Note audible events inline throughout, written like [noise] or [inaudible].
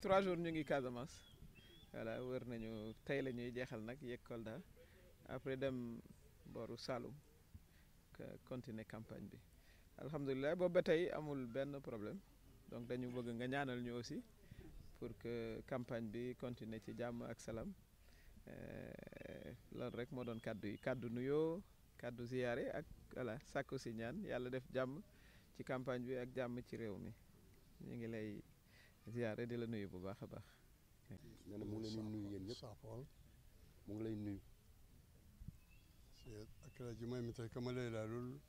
trois jours ñu ngi Casamance voilà wër nañu tay la ñuy jeexal nag yegg après dem boru Saloum continuer campagne bi alhamdulilah bo ba amul benn problème donc dañu bëgg nga ñaanal ñu aussi pour que campagne bi continuer ci jamm ak euh lool rek modon doon kadu yi kadu nuyo kàddu ziaré ak voilà sakku si ñaan yalla def jamm ci campagne bi ak jamm ci réew mi ñu ngi lay ziare di la nuyu bu baax a baax. nee na mu ngi leen di nuyu yéen ñëpp mu ngi lay nuyu. akiraji mamitay kama leylaalul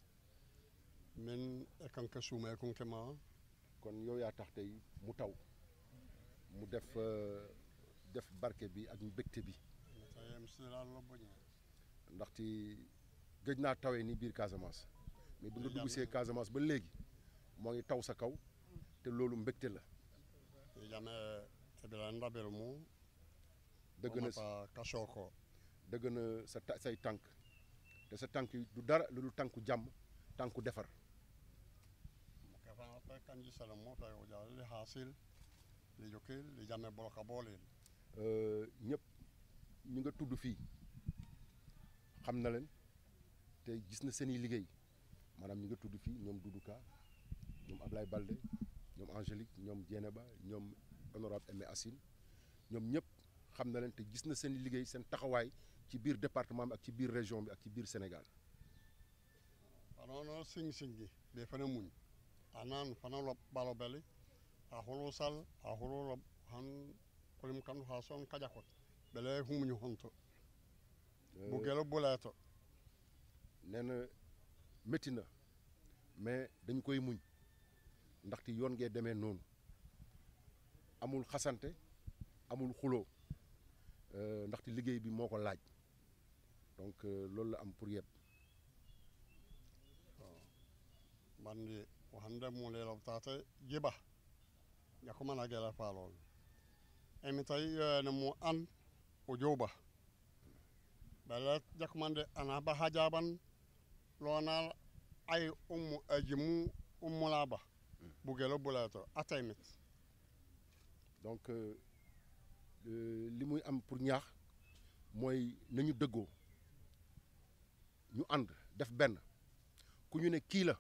min ekanka suumee kunke ma kon yow yaa tax tey mu taw mu def euh, def barke bi ak mbégte bi ndaxte gëj naa tawee ni biir Casamance mais bi nga dugg see Casamance ba léegi moo ngi taw sa kaw te loolu mbégte la 이전에 에벨란 라벨무 dëgg na sa kasoo ko dëgg na sa say tànk te sa tànk yi du dara lu tànku jàmm tànku defar kanji sala mo tay o jaa ñu nga tudd fii xam na leen te gis na seen i liggéey maanaam ñu nga tudd fii ñoom Doudou Ka ñoom Ablaye Balde ñoom Angélique ñoom Dieneba ñoom honorable Aimé Assine ñoom ñëpp xam na leen te gis na seen liggéey seen taxawaay ci biir département bi ak ci biir région bi ak ci biir Sénégal anono ah, sing-singi ɓe fene muñ anan ah, fana lo balo beli axulu ah, holo sal ha holo lo han kolim kandu ha son kajakot ɓele humuñu honto euh, bugelo buleeto nee na métti na mais dañu koy muñ ndaxte yoon ngee demee noonu amul xasante amul xuloo euh, ndaxte liggéey bi moo ko laaj donc euh, loolu la am pour yëpp bandi wahande mulelo tata jiba yakumana gela palol emi tawi yoyane euh, mo an o jowba bala jakumande ana ba hajaban lonal ay ummu aji mu bu buggeelo atay nit donc euh, euh, li muy am pour ñaax mooy ñu dëggoo ñu ànd def benn ku ñu ne kii la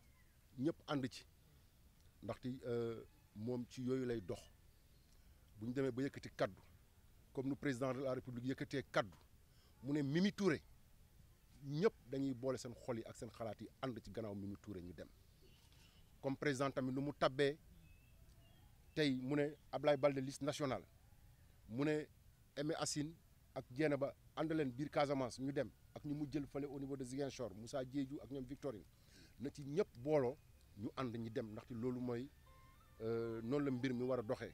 ñëpp ànd ci ndaxte euh, moom ci yooyu lay dox bu ñu demee ba yëkkati kaddu comme nu président de la république yëkkatee kaddu mu ne Mimi tuure ñëpp dañuy boole seen xol yi ak seen xalaat yi ànd ci gannaaw Mimi Touré ñu dem comme président tamit nu mu tabbee tey mu ne Ablaye Baldé liste nationale mu ne Aimé Assine ak jeene ba ànd leen biir Casamance ñu dem ak ñu mu jël fale au niveau de Ziguinchor Moussa Diédhiou ak ñoom Victorine na ci ñëpp booloo ñu ànd ñi dem ndax ndaxte loolu mooy euh, noonu la mbir mi war a doxee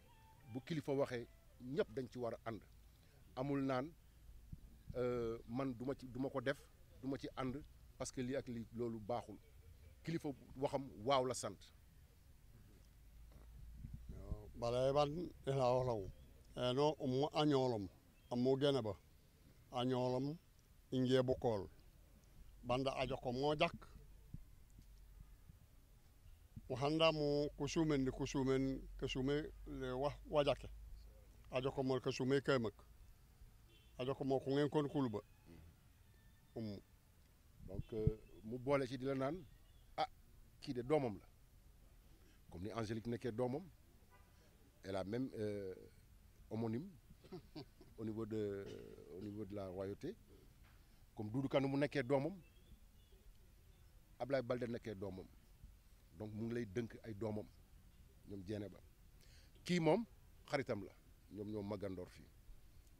bu kilifa waxee ñëpp dañ ci war a ànd amul naan euh, man duma ci duma ko def duma ci ànd parce que lii ak lii loolu baaxul kilifa waxam waaw la sant ɓaɗaye ɓan ena ohlaw eno omo añoolom amo gene ba añoolom inge bokool ɓanda ajo ko moojak o hanndamo ko suumen nde ko suumen ko suume wajake ajo ko mol donc mu boole ci di Qui de le la comme ni Angélique elle a même euh, homonyme [laughs] au niveau de au niveau de la royauté comme Doudou kanou Balde donc est lay deunk ay domom ñom ba ki mom xaritam la ñom ñom magandor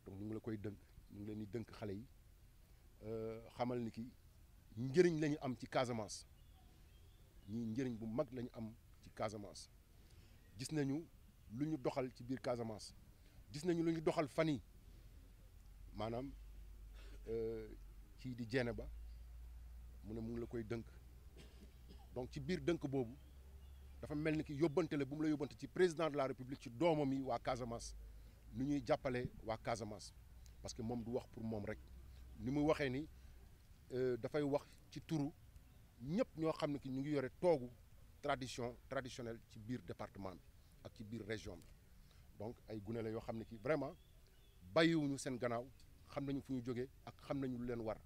donc la koy deunk deunk xalé yi euh xamal ni ki am ci Casamance ñii njëriñ bu mag lañu am ci Casamance gis nañu lu ñu doxal ci biir Casamance gis nañu lu ñu doxal fan yi maanaam euh, kii di jeene ba mu ne mu ngi la koy dënk donc ci biir dënk boobu dafa mel ni ki yóbbante la bu mu la yóbbante ci président de la république ci doomam yi waa Casamance nu ñuy jàppale waa Casamance parce que moom du wax pour moom rek ni mu waxee ni euh, dafay wax ci turu ñëpp ñoo xam ne ki ñu ngi yore toogu tradition traditionnelle ci biir département bi ak ci biir région bi donc ay gune la yoo xam ne ki vraiment bàyyiwuñu seen gannaaw xam nañu fu ñu jógee ak xam nañu lu leen war